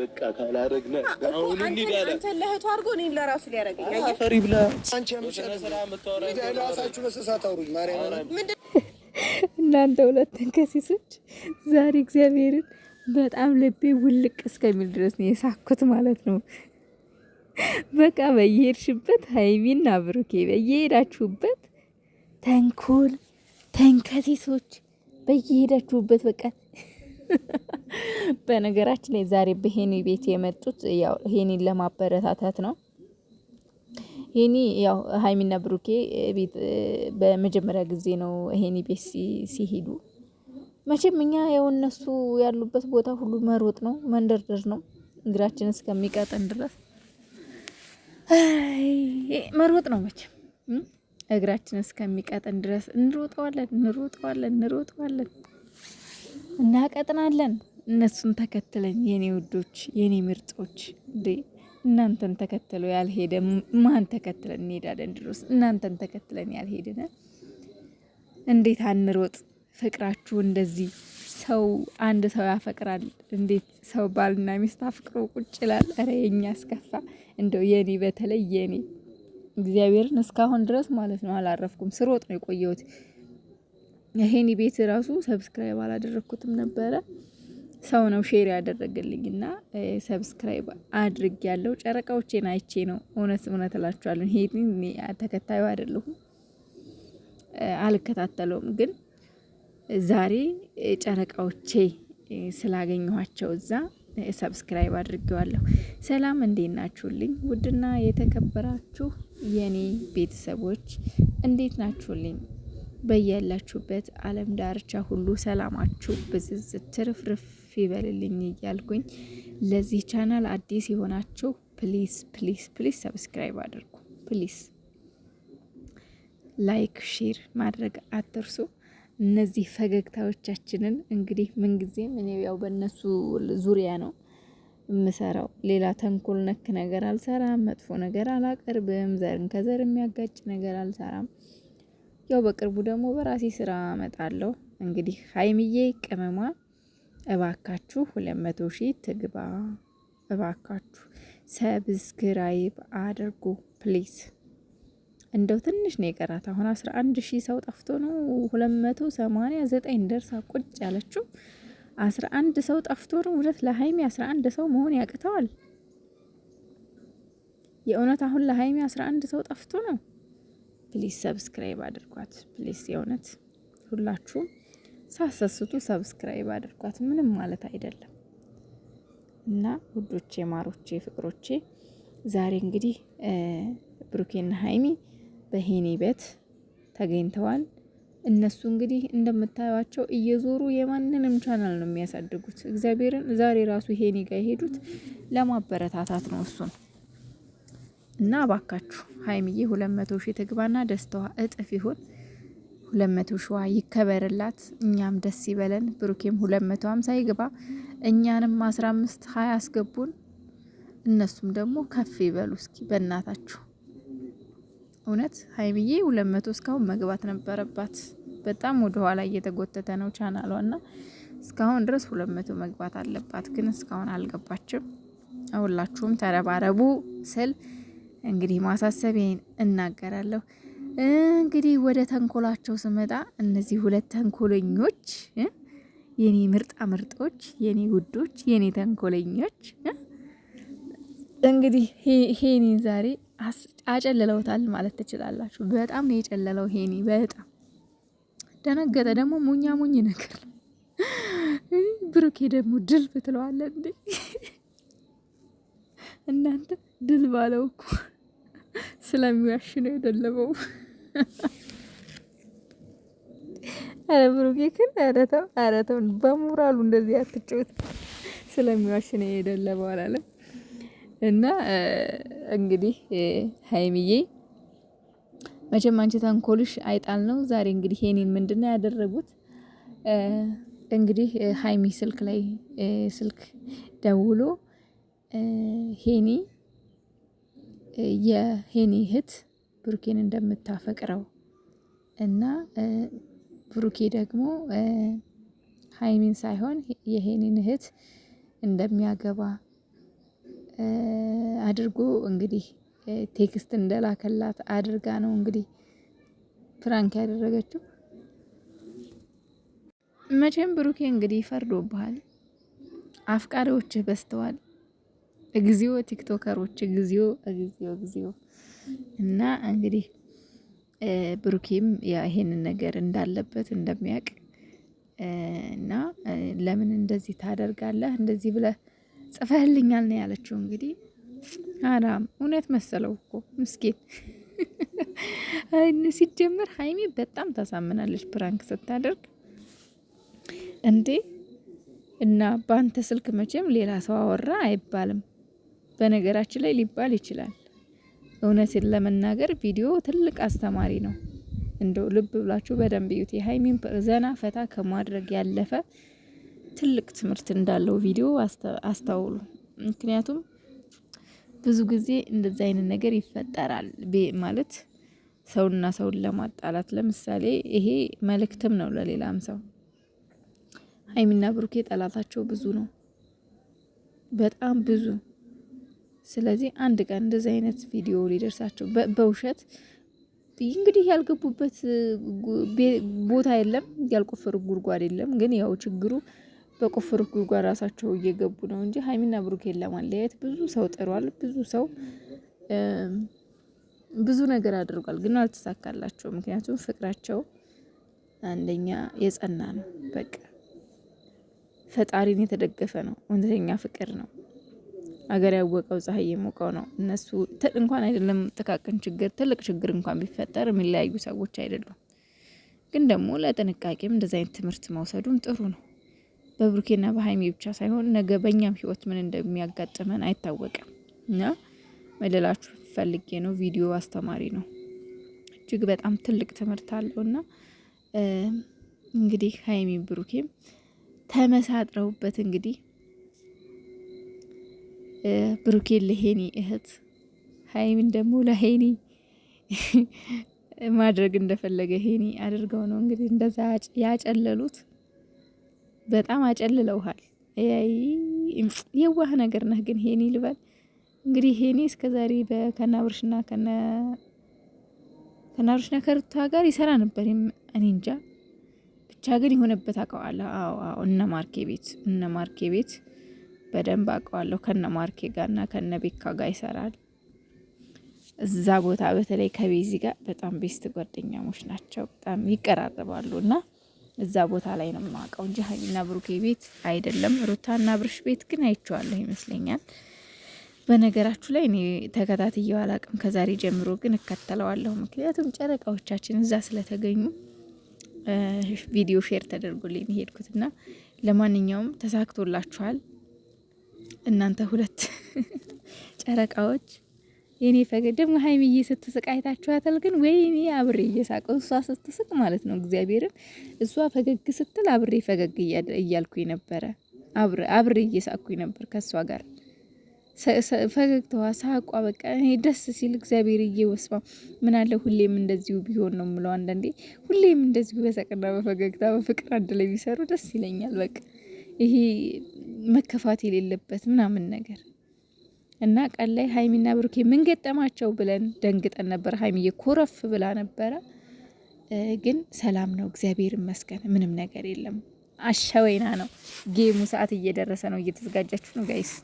በቃ ካላረግነ አሁን እንዲዳላ አንተ ለእህቱ አድርጎ እኔን ለራሱ ሊያረገኝ አፈሪ ብላ አንቺ እናንተ ሁለት ተንከሲሶች ዛሬ እግዚአብሔርን በጣም ልቤ ውልቅ እስከሚል ድረስ ነው የሳኩት ማለት ነው። በቃ በየሄድሽበት ሀይሚና ብሩኬ በየሄዳችሁበት ተንኮል ተንከሲሶች በየሄዳችሁበት በቃ በነገራችን ላይ ዛሬ በሄኒ ቤት የመጡት ያው ሄኒን ለማበረታታት ነው። ሄኒ ያው ሀይሚና ብሩኬ ቤት በመጀመሪያ ጊዜ ነው ሄኒ ቤት ሲሄዱ። መቼም እኛ ያው እነሱ ያሉበት ቦታ ሁሉ መሮጥ ነው መንደርደር ነው እግራችን እስከሚቀጠን ድረስ መሮጥ ነው መቼም እግራችን እስከሚቀጠን ድረስ እንሮጠዋለን እንሮጠዋለን እንሮጠዋለን። እናቀጥናለን። እነሱን ተከትለን የኔ ውዶች፣ የኔ ምርጦች እንዴ እናንተን ተከትሎ ያልሄደ ማን ተከትለን እንሄዳለን? ድሮስ እናንተን ተከትለን ያልሄድን እንዴት አንሮጥ? ፍቅራችሁ እንደዚህ ሰው አንድ ሰው ያፈቅራል። እንዴት ሰው ባልና ሚስት አፍቅሮ ቁጭ ይላል? ኧረ የኛ አስከፋ። እንደው የኔ በተለይ የኔ እግዚአብሔርን እስካሁን ድረስ ማለት ነው አላረፍኩም። ስሮጥ ነው የቆየሁት። ይሄን ቤት ራሱ ሰብስክራይብ አላደረግኩትም ነበረ ሰው ነው ሼር ያደረገልኝ እና ሰብስክራይብ አድርግ ያለው ጨረቃዎቼን አይቼ ነው። እውነት እውነት እላችኋለሁ። ይሄን ተከታዩ አይደለሁም አልከታተለውም። ግን ዛሬ ጨረቃዎቼ ስላገኘኋቸው እዛ ሰብስክራይብ አድርጌዋለሁ። ሰላም እንዴት ናችሁልኝ? ውድና የተከበራችሁ የኔ ቤተሰቦች እንዴት ናችሁልኝ? በያላችሁበት ዓለም ዳርቻ ሁሉ ሰላማችሁ ብዝዝ ትርፍርፍ ይበልልኝ እያልኩኝ ለዚህ ቻናል አዲስ የሆናችሁ ፕሊስ ፕሊስ ፕሊስ ሰብስክራይብ አድርጉ። ፕሊስ ላይክ ሼር ማድረግ አትርሱ። እነዚህ ፈገግታዎቻችንን እንግዲህ ምንጊዜም እኔ ያው በእነሱ ዙሪያ ነው የምሰራው። ሌላ ተንኮል ነክ ነገር አልሰራም፣ መጥፎ ነገር አላቀርብም፣ ዘርን ከዘር የሚያጋጭ ነገር አልሰራም። ያው በቅርቡ ደግሞ በራሴ ስራ አመጣለሁ። እንግዲህ ሀይሚዬ ቅመሟ እባካችሁ ሁለት መቶ ሺህ ትግባ እባካችሁ ሰብስክራይብ አድርጉ ፕሊዝ። እንደው ትንሽ ነው የቀራት። አሁን 11 ሺህ ሰው ጠፍቶ ነው ዘጠኝ ደርሳ ቁጭ ያለችው። 11 ሰው ጠፍቶ ነው። እውነት ለሀይሚ 11 ሰው መሆን ያቅተዋል? የእውነት አሁን ለሀይሚ 11 ሰው ጠፍቶ ነው። ፕሊስ ሰብስክራይብ አድርጓት። ፕሊስ የእውነት ሁላችሁም ሳሰስቱ ሰብስክራይብ አድርጓት። ምንም ማለት አይደለም እና ውዶቼ፣ ማሮቼ፣ ፍቅሮቼ ዛሬ እንግዲህ ብሩኬና ሀይሚ በሄኔ ቤት ተገኝተዋል። እነሱ እንግዲህ እንደምታዩቸው እየዞሩ የማንንም ቻናል ነው የሚያሳድጉት። እግዚአብሔርን ዛሬ ራሱ ሄኔ ጋር የሄዱት ለማበረታታት ነው እሱን እና እባካችሁ ሀይሚዬ ሁለት መቶ ሺህ ትግባና ደስታዋ እጥፍ ይሁን። ሁለት መቶ ሺዋ ይከበርላት፣ እኛም ደስ ይበለን። ብሩኬም ሁለት መቶ ሀምሳ ይግባ፣ እኛንም አስራ አምስት ሀያ አስገቡን፣ እነሱም ደግሞ ከፍ ይበሉ። እስኪ በእናታችሁ እውነት ሀይሚዬ ሁለት መቶ እስካሁን መግባት ነበረባት። በጣም ወደ ኋላ እየተጎተተ ነው ቻናሏ እና እስካሁን ድረስ ሁለት መቶ መግባት አለባት፣ ግን እስካሁን አልገባችም። ሁላችሁም ተረባረቡ ስል እንግዲህ ማሳሰቢያን እናገራለሁ። እንግዲህ ወደ ተንኮላቸው ስመጣ እነዚህ ሁለት ተንኮለኞች የኔ ምርጣ ምርጦች፣ የኔ ውዶች፣ የኔ ተንኮለኞች እንግዲህ ሄኒ ዛሬ አጨልለውታል ማለት ትችላላችሁ። በጣም ነው የጨለለው ሄኒ። በጣም ደነገጠ። ደግሞ ሙኛ ሙኝ ነገር ብሩኬ ደግሞ ድል ትለዋለ እንዴ እናንተ ድል ባለው እኮ ስለሚዋሽ ነው የደለበው። አረ ብሩኬ ግን አረ ተው፣ አረ ተው፣ በሞራሉ እንደዚህ አትጫወት። ስለሚዋሽ ነው የደለበው አላለም እና እንግዲህ ሀይሚዬ መቼም አንቺ ተንኮልሽ አይጣል ነው። ዛሬ እንግዲህ የኔን ምንድን ነው ያደረጉት? እንግዲህ ሀይሚ ስልክ ላይ ስልክ ደውሎ ሄኔ የሄኔ እህት ብሩኬን እንደምታፈቅረው እና ብሩኬ ደግሞ ሀይሚን ሳይሆን የሄኔን እህት እንደሚያገባ አድርጎ እንግዲህ ቴክስት እንደላከላት አድርጋ ነው እንግዲህ ፕራንክ ያደረገችው። መቼም ብሩኬ እንግዲህ ፈርዶብሃል፣ አፍቃሪዎችህ በስተዋል። እግዚኦ ቲክቶከሮች፣ እግዚኦ እግዚኦ እግዚኦ። እና እንግዲህ ብሩኬም ይሄንን ነገር እንዳለበት እንደሚያውቅ እና ለምን እንደዚህ ታደርጋለህ እንደዚህ ብለህ ጽፈህልኛል ነው ያለችው። እንግዲህ አራም እውነት መሰለው እኮ ምስኪን። ሲጀምር ሀይሚ በጣም ታሳምናለች ፕራንክ ስታደርግ እንዴ። እና በአንተ ስልክ መቼም ሌላ ሰው አወራ አይባልም። በነገራችን ላይ ሊባል ይችላል። እውነትን ለመናገር ቪዲዮ ትልቅ አስተማሪ ነው። እንደው ልብ ብላችሁ በደንብ እዩት። የሀይሚን ዘና ፈታ ከማድረግ ያለፈ ትልቅ ትምህርት እንዳለው ቪዲዮ አስተውሉ። ምክንያቱም ብዙ ጊዜ እንደዚህ አይነት ነገር ይፈጠራል ማለት ሰውና ሰውን ለማጣላት ለምሳሌ ይሄ መልእክትም ነው ለሌላም ሰው። ሀይሚና ብሩኬ ጠላታቸው ብዙ ነው፣ በጣም ብዙ ስለዚህ አንድ ቀን እንደዚህ አይነት ቪዲዮ ሊደርሳቸው በውሸት እንግዲህ ያልገቡበት ቦታ የለም፣ ያልቆፈሩ ጉድጓድ የለም። ግን ያው ችግሩ በቆፈሩ ጉድጓድ ራሳቸው እየገቡ ነው እንጂ ሀይሚና ብሩኬን ለማለያየት ብዙ ሰው ጥሯል። ብዙ ሰው ብዙ ነገር አድርጓል፣ ግን አልተሳካላቸው። ምክንያቱም ፍቅራቸው አንደኛ የጸና ነው። በቃ ፈጣሪን የተደገፈ ነው። እውነተኛ ፍቅር ነው። አገር ያወቀው ፀሐይ የሞቀው ነው። እነሱ እንኳን አይደለም ጥቃቅን ችግር ትልቅ ችግር እንኳን ቢፈጠር የሚለያዩ ሰዎች አይደሉም። ግን ደግሞ ለጥንቃቄም እንደዚ አይነት ትምህርት መውሰዱም ጥሩ ነው። በብሩኬና በሀይሚ ብቻ ሳይሆን ነገ በእኛም ህይወት ምን እንደሚያጋጥመን አይታወቅም እና መለላችሁ ፈልጌ ነው። ቪዲዮ አስተማሪ ነው፣ እጅግ በጣም ትልቅ ትምህርት አለው እና እንግዲህ ሀይሚ ብሩኬም ተመሳጥረውበት እንግዲህ ብሩኬን ለሄኒ እህት ሀይሚን ደግሞ ለሄኒ ማድረግ እንደፈለገ ሄኒ አድርገው ነው እንግዲህ እንደዛ ያጨለሉት። በጣም አጨልለውሃል። የዋህ ነገር ነህ ግን ሄኒ ልበል እንግዲህ ሄኒ እስከዛሬ ከናብርሽና ከናብርሽና ከሩታ ጋር ይሰራ ነበር። እኔ እንጃ ብቻ ግን የሆነበት አውቀዋለሁ። አዎ አዎ እነ ማርኬ ቤት እነ ማርኬ ቤት በደንብ አውቀዋለሁ። ከነ ማርኬ ና ከነ ቤካ ጋር ይሰራል እዛ ቦታ። በተለይ ከቤዚ ጋር በጣም ቤስት ጓደኛሞች ናቸው። በጣም ይቀራረባሉ እና እዛ ቦታ ላይ ነው የማውቀው እንጂ ሀይሚና ብሩኬ ቤት አይደለም። ሩታና ብርሽ ቤት ግን አይቼዋለሁ ይመስለኛል። በነገራችሁ ላይ እኔ ተከታትየው አላቅም። ከዛሬ ጀምሮ ግን እከተለዋለሁ። ምክንያቱም ጨረቃዎቻችን እዛ ስለተገኙ ቪዲዮ ሼር ተደርጎልኝ የሄድኩትና ለማንኛውም ተሳክቶላችኋል። እናንተ ሁለት ጨረቃዎች የኔ ፈገግ ደግሞ ሀይሚዬ ስትስቅ አይታችኋታል። ግን ወይኔ አብሬ እየሳቀው እሷ ስትስቅ ማለት ነው። እግዚአብሔርን እሷ ፈገግ ስትል አብሬ ፈገግ እያልኩኝ ነበረ። አብሬ እየሳቅኩኝ ነበር ከእሷ ጋር ፈገግታዋ ሳቋ በቃ እኔ ደስ ሲል እግዚአብሔር እየወስማ ምን አለ ሁሌም እንደዚሁ ቢሆን ነው ምለው። አንዳንዴ ሁሌም እንደዚሁ በሳቅና በፈገግታ በፍቅር አንድ ላይ ቢሰሩ ደስ ይለኛል። በቃ ይሄ መከፋት የሌለበት ምናምን ነገር እና ቀን ላይ ሀይሚና ብሩኬ ምን ገጠማቸው ብለን ደንግጠን ነበር። ሀይሚዬ ኮረፍ ብላ ነበረ፣ ግን ሰላም ነው እግዚአብሔር ይመስገን፣ ምንም ነገር የለም። አሸወይና ነው ጌሙ። ሰዓት እየደረሰ ነው። እየተዘጋጃችሁ ነው ጋይስ